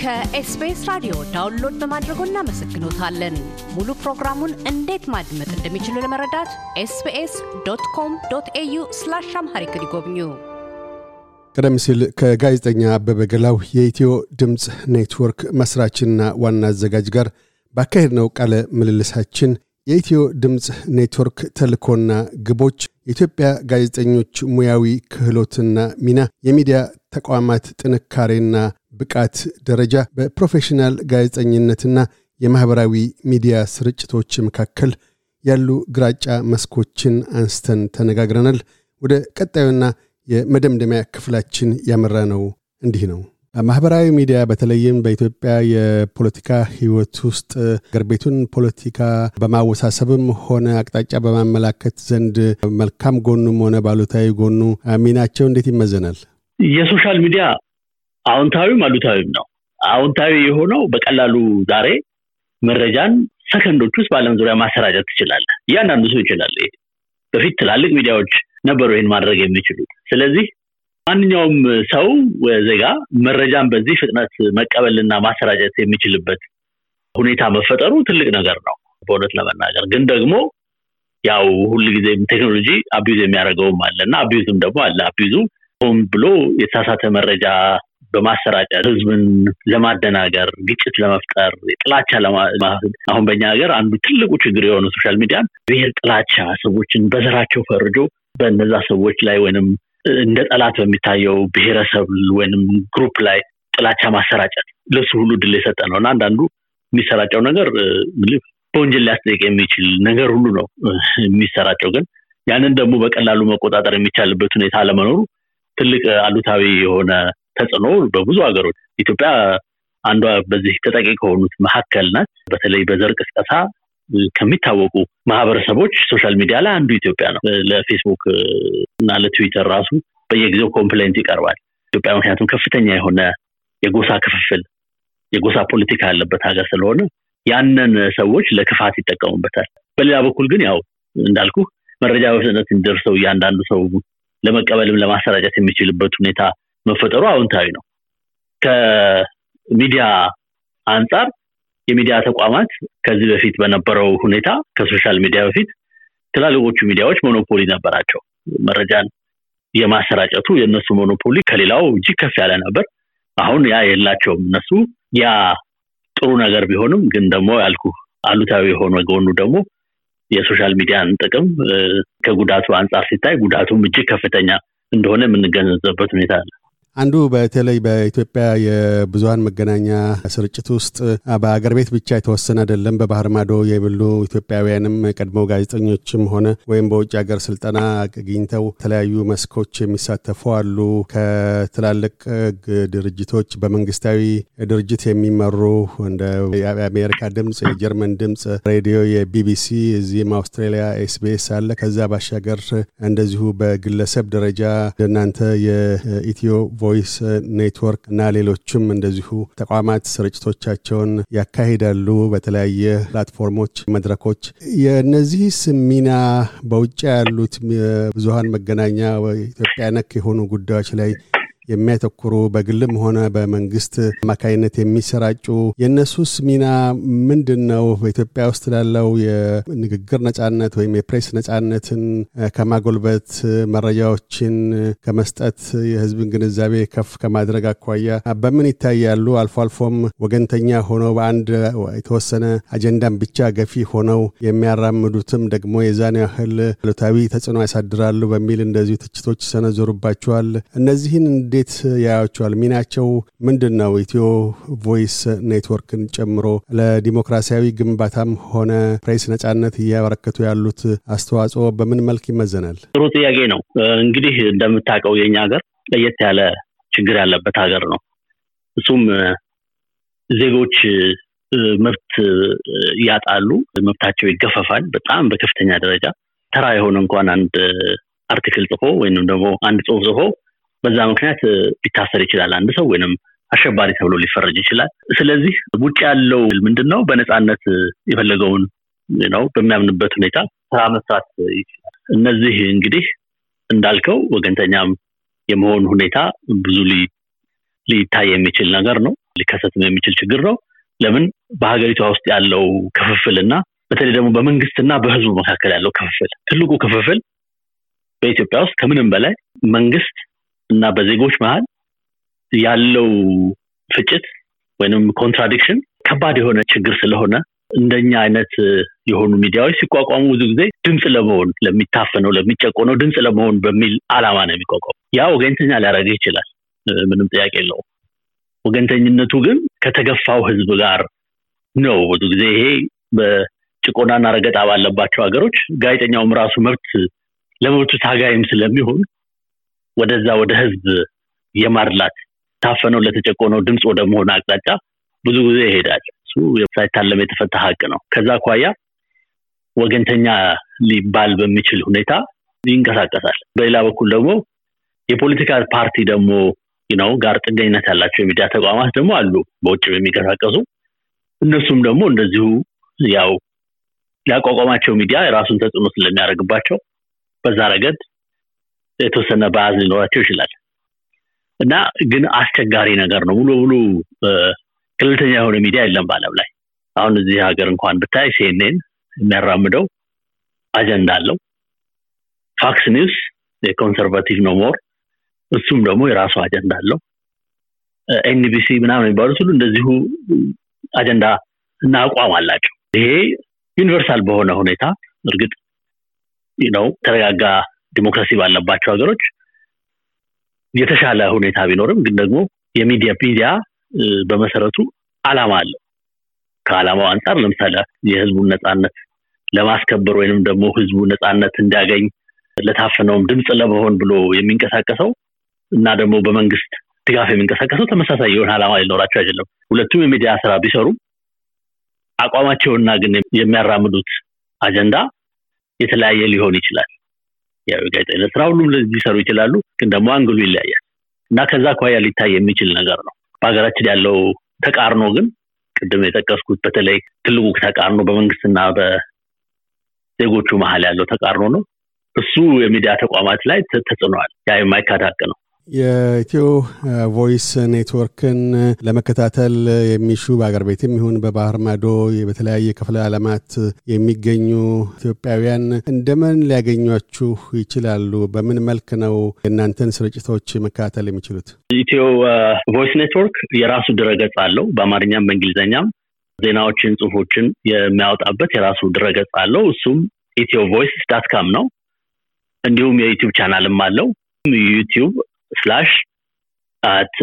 ከኤስቢኤስ ራዲዮ ዳውንሎድ በማድረጎ እናመሰግኖታለን። ሙሉ ፕሮግራሙን እንዴት ማድመጥ እንደሚችሉ ለመረዳት ኤስቢኤስ ዶት ኮም ዶት ኤዩ ስላሽ አምሃሪክ ይጎብኙ። ቀደም ሲል ከጋዜጠኛ አበበ ገላው የኢትዮ ድምፅ ኔትወርክ መስራችና ዋና አዘጋጅ ጋር ባካሄድነው ቃለ ምልልሳችን የኢትዮ ድምፅ ኔትወርክ ተልእኮና ግቦች የኢትዮጵያ ጋዜጠኞች ሙያዊ ክህሎትና ሚና፣ የሚዲያ ተቋማት ጥንካሬና ብቃት ደረጃ፣ በፕሮፌሽናል ጋዜጠኝነትና የማኅበራዊ ሚዲያ ስርጭቶች መካከል ያሉ ግራጫ መስኮችን አንስተን ተነጋግረናል። ወደ ቀጣዩና የመደምደሚያ ክፍላችን ያመራ ነው እንዲህ ነው። ማህበራዊ ሚዲያ በተለይም በኢትዮጵያ የፖለቲካ ህይወት ውስጥ አገር ቤቱን ፖለቲካ በማወሳሰብም ሆነ አቅጣጫ በማመላከት ዘንድ መልካም ጎኑም ሆነ ባሉታዊ ጎኑ ሚናቸው እንዴት ይመዘናል? የሶሻል ሚዲያ አዎንታዊም አሉታዊም ነው። አዎንታዊ የሆነው በቀላሉ ዛሬ መረጃን ሰከንዶች ውስጥ በዓለም ዙሪያ ማሰራጨት ትችላለህ። እያንዳንዱ ሰው ይችላል። በፊት ትላልቅ ሚዲያዎች ነበሩ ይህን ማድረግ የሚችሉት። ስለዚህ ማንኛውም ሰው ዜጋ መረጃን በዚህ ፍጥነት መቀበልና ማሰራጨት የሚችልበት ሁኔታ መፈጠሩ ትልቅ ነገር ነው። በእውነት ለመናገር ግን ደግሞ ያው ሁሉ ሁልጊዜም ቴክኖሎጂ አቢዩዝ የሚያደርገውም አለ እና አቢዩዝም ደግሞ አለ። አቢዩዙ ሆን ብሎ የተሳሳተ መረጃ በማሰራጨት ህዝብን ለማደናገር፣ ግጭት ለመፍጠር፣ ጥላቻ አሁን በኛ ሀገር አንዱ ትልቁ ችግር የሆነ ሶሻል ሚዲያን ብሄር ጥላቻ ሰዎችን በዘራቸው ፈርጆ በነዛ ሰዎች ላይ ወይንም እንደ ጠላት በሚታየው ብሔረሰብ ወይም ግሩፕ ላይ ጥላቻ ማሰራጨት ለሱ ሁሉ ድል የሰጠ ነው እና አንዳንዱ የሚሰራጨው ነገር በወንጀል ሊያስጠይቅ የሚችል ነገር ሁሉ ነው የሚሰራጨው። ግን ያንን ደግሞ በቀላሉ መቆጣጠር የሚቻልበት ሁኔታ አለመኖሩ ትልቅ አሉታዊ የሆነ ተጽዕኖ በብዙ ሀገሮች ኢትዮጵያ አንዷ በዚህ ተጠቂ ከሆኑት መካከል ናት። በተለይ በዘር ቅስቀሳ ከሚታወቁ ማህበረሰቦች ሶሻል ሚዲያ ላይ አንዱ ኢትዮጵያ ነው። ለፌስቡክ እና ለትዊተር ራሱ በየጊዜው ኮምፕሌንት ይቀርባል ኢትዮጵያ ምክንያቱም ከፍተኛ የሆነ የጎሳ ክፍፍል፣ የጎሳ ፖለቲካ ያለበት ሀገር ስለሆነ ያንን ሰዎች ለክፋት ይጠቀሙበታል። በሌላ በኩል ግን ያው እንዳልኩ መረጃ በፍጥነት እንደርሰው እያንዳንዱ ሰው ለመቀበልም ለማሰራጨት የሚችልበት ሁኔታ መፈጠሩ አውንታዊ ነው። ከሚዲያ አንጻር የሚዲያ ተቋማት ከዚህ በፊት በነበረው ሁኔታ ከሶሻል ሚዲያ በፊት ትላልቆቹ ሚዲያዎች ሞኖፖሊ ነበራቸው። መረጃን የማሰራጨቱ የእነሱ ሞኖፖሊ ከሌላው እጅግ ከፍ ያለ ነበር። አሁን ያ የላቸውም። እነሱ ያ ጥሩ ነገር ቢሆንም ግን ደግሞ ያልኩ አሉታዊ የሆነ ጎኑ ደግሞ የሶሻል ሚዲያን ጥቅም ከጉዳቱ አንጻር ሲታይ ጉዳቱም እጅግ ከፍተኛ እንደሆነ የምንገነዘበት ሁኔታ አለ። አንዱ በተለይ በኢትዮጵያ የብዙሀን መገናኛ ስርጭት ውስጥ በአገር ቤት ብቻ የተወሰነ አይደለም። በባህር ማዶ የብሉ ኢትዮጵያውያንም ቀድሞ ጋዜጠኞችም ሆነ ወይም በውጭ ሀገር ስልጠና አግኝተው የተለያዩ መስኮች የሚሳተፉ አሉ። ከትላልቅ ድርጅቶች በመንግስታዊ ድርጅት የሚመሩ እንደ የአሜሪካ ድምፅ፣ የጀርመን ድምፅ ሬዲዮ፣ የቢቢሲ እዚህም አውስትራሊያ ኤስቢኤስ አለ። ከዛ ባሻገር እንደዚሁ በግለሰብ ደረጃ እናንተ የኢትዮ ቮይስ ኔትወርክ እና ሌሎችም እንደዚሁ ተቋማት ስርጭቶቻቸውን ያካሂዳሉ በተለያየ ፕላትፎርሞች፣ መድረኮች። የእነዚህስ ሚና በውጭ ያሉት ብዙሀን መገናኛ ኢትዮጵያ ነክ የሆኑ ጉዳዮች ላይ የሚያተኩሩ በግልም ሆነ በመንግስት አማካይነት የሚሰራጩ የእነሱስ ሚና ምንድን ነው? በኢትዮጵያ ውስጥ ላለው የንግግር ነጻነት ወይም የፕሬስ ነጻነትን ከማጎልበት መረጃዎችን ከመስጠት የህዝብን ግንዛቤ ከፍ ከማድረግ አኳያ በምን ይታያሉ? አልፎ አልፎም ወገንተኛ ሆነው በአንድ የተወሰነ አጀንዳን ብቻ ገፊ ሆነው የሚያራምዱትም ደግሞ የዛን ያህል አሉታዊ ተጽዕኖ ያሳድራሉ በሚል እንደዚሁ ትችቶች ይሰነዘሩባቸዋል። እነዚህን እንዴት ያያቸዋል? ሚናቸው ምንድን ነው? ኢትዮ ቮይስ ኔትወርክን ጨምሮ ለዲሞክራሲያዊ ግንባታም ሆነ ፕሬስ ነጻነት እያበረከቱ ያሉት አስተዋጽኦ በምን መልክ ይመዘናል? ጥሩ ጥያቄ ነው። እንግዲህ እንደምታውቀው የኛ ሀገር ለየት ያለ ችግር ያለበት ሀገር ነው። እሱም ዜጎች መብት ያጣሉ፣ መብታቸው ይገፈፋል በጣም በከፍተኛ ደረጃ። ተራ የሆነ እንኳን አንድ አርቲክል ጽፎ ወይም ደግሞ አንድ ጽሁፍ ጽፎ በዛ ምክንያት ሊታሰር ይችላል አንድ ሰው ወይንም አሸባሪ ተብሎ ሊፈረጅ ይችላል። ስለዚህ ውጭ ያለው ምንድን ነው በነፃነት የፈለገውን ነው በሚያምንበት ሁኔታ ስራ መስራት ይችላል። እነዚህ እንግዲህ እንዳልከው ወገንተኛም የመሆን ሁኔታ ብዙ ሊታይ የሚችል ነገር ነው፣ ሊከሰትም የሚችል ችግር ነው። ለምን በሀገሪቷ ውስጥ ያለው ክፍፍል እና በተለይ ደግሞ በመንግስትና በህዝቡ መካከል ያለው ክፍፍል ትልቁ ክፍፍል በኢትዮጵያ ውስጥ ከምንም በላይ መንግስት እና በዜጎች መሀል ያለው ፍጭት ወይም ኮንትራዲክሽን ከባድ የሆነ ችግር ስለሆነ እንደኛ አይነት የሆኑ ሚዲያዎች ሲቋቋሙ ብዙ ጊዜ ድምፅ ለመሆን ለሚታፈነው ለሚጨቆነው ድምፅ ለመሆን በሚል አላማ ነው የሚቋቋሙ። ያ ወገንተኛ ሊያደረገ ይችላል፣ ምንም ጥያቄ የለው። ወገንተኝነቱ ግን ከተገፋው ህዝብ ጋር ነው። ብዙ ጊዜ ይሄ በጭቆናና ረገጣ ባለባቸው ሀገሮች ጋዜጠኛውም ራሱ መብት ለመብቱ ታጋይም ስለሚሆን ወደዛ ወደ ህዝብ የማድላት ታፈነው ለተጨቆነው ድምፅ ወደ መሆን አቅጣጫ ብዙ ጊዜ ይሄዳል። እሱ ሳይታለም የተፈታ ሀቅ ነው። ከዛ ኳያ ወገንተኛ ሊባል በሚችል ሁኔታ ይንቀሳቀሳል። በሌላ በኩል ደግሞ የፖለቲካ ፓርቲ ደግሞ ነው ጋር ጥገኝነት ያላቸው የሚዲያ ተቋማት ደግሞ አሉ በውጭ የሚንቀሳቀሱ እነሱም ደግሞ እንደዚሁ ያው ያቋቋማቸው ሚዲያ የራሱን ተጽዕኖ ስለሚያደርግባቸው በዛ ረገድ የተወሰነ ባዝ ሊኖራቸው ይችላል እና ግን አስቸጋሪ ነገር ነው። ሙሉ ሙሉ ገለልተኛ የሆነ ሚዲያ የለም በአለም ላይ። አሁን እዚህ ሀገር እንኳን ብታይ ሲኤንኤን የሚያራምደው አጀንዳ አለው። ፋክስ ኒውስ የኮንሰርቫቲቭ ኖሞር ሞር፣ እሱም ደግሞ የራሱ አጀንዳ አለው። ኤንቢሲ ምናምን የሚባሉት ሁሉ እንደዚሁ አጀንዳ እና አቋም አላቸው። ይሄ ዩኒቨርሳል በሆነ ሁኔታ እርግጥ ነው ተረጋጋ ዲሞክራሲ ባለባቸው ሀገሮች የተሻለ ሁኔታ ቢኖርም ግን ደግሞ የሚዲያ ሚዲያ በመሰረቱ አላማ አለው። ከአላማው አንጻር ለምሳሌ የህዝቡን ነፃነት ለማስከበር ወይንም ደግሞ ህዝቡ ነፃነት እንዲያገኝ ለታፈነውም ድምፅ ለመሆን ብሎ የሚንቀሳቀሰው እና ደግሞ በመንግስት ድጋፍ የሚንቀሳቀሰው ተመሳሳይ የሆነ አላማ ሊኖራቸው አይደለም። ሁለቱም የሚዲያ ስራ ቢሰሩም አቋማቸውና ግን የሚያራምዱት አጀንዳ የተለያየ ሊሆን ይችላል። ያው የጋዜጠኛ ስራ ሁሉም ሊሰሩ ይችላሉ፣ ግን ደግሞ አንግሉ ይለያያል እና ከዛ አኳያ ሊታይ የሚችል ነገር ነው። በሀገራችን ያለው ተቃርኖ ግን ቅድም የጠቀስኩት በተለይ ትልቁ ተቃርኖ በመንግስትና በዜጎቹ መሀል ያለው ተቃርኖ ነው። እሱ የሚዲያ ተቋማት ላይ ተጽዕኖዋል። ያ የማይካድ ነው። የኢትዮ ቮይስ ኔትወርክን ለመከታተል የሚሹ በአገር ቤትም ይሁን በባህር ማዶ በተለያየ ክፍለ ዓለማት የሚገኙ ኢትዮጵያውያን እንደምን ሊያገኟችሁ ይችላሉ? በምን መልክ ነው የእናንተን ስርጭቶች መከታተል የሚችሉት? ኢትዮ ቮይስ ኔትወርክ የራሱ ድረገጽ አለው። በአማርኛም በእንግሊዝኛም ዜናዎችን፣ ጽሁፎችን የሚያወጣበት የራሱ ድረገጽ አለው። እሱም ኢትዮ ቮይስ ዳትካም ነው። እንዲሁም የዩቲዩብ ቻናልም አለው ዩቲዩብ ስላሽ አት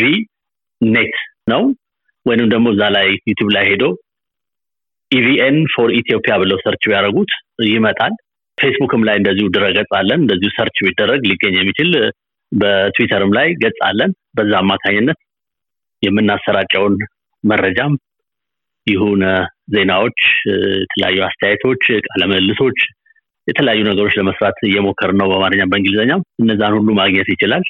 ቪ ኔት ነው ወይንም ደግሞ እዛ ላይ ዩቲብ ላይ ሄዶ ኢቪኤን ፎር ኢትዮጵያ ብለው ሰርች ቢያደረጉት ይመጣል ፌስቡክም ላይ እንደዚሁ ድረገጽ አለን እንደዚሁ ሰርች ቢደረግ ሊገኝ የሚችል በትዊተርም ላይ ገጽ አለን በዛ አማካኝነት የምናሰራጨውን መረጃም ይሁን ዜናዎች የተለያዩ አስተያየቶች ቃለመልሶች የተለያዩ ነገሮች ለመስራት እየሞከር ነው በአማርኛ በእንግሊዝኛም እነዛን ሁሉ ማግኘት ይችላል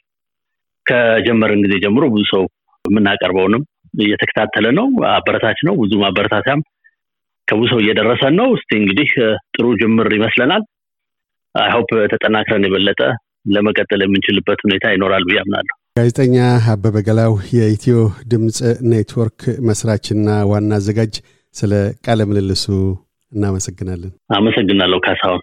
ከጀመርን ጊዜ ጀምሮ ብዙ ሰው የምናቀርበውንም እየተከታተለ ነው አበረታች ነው ብዙ ማበረታቻም ከብዙ ሰው እየደረሰን ነው እስቲ እንግዲህ ጥሩ ጅምር ይመስለናል አይሆፕ ተጠናክረን የበለጠ ለመቀጠል የምንችልበት ሁኔታ ይኖራል ብዬ አምናለሁ ጋዜጠኛ አበበ ገላው የኢትዮ ድምፅ ኔትወርክ መስራችና ዋና አዘጋጅ ስለ ቃለ ምልልሱ እናመሰግናለን አመሰግናለሁ ካሳሁን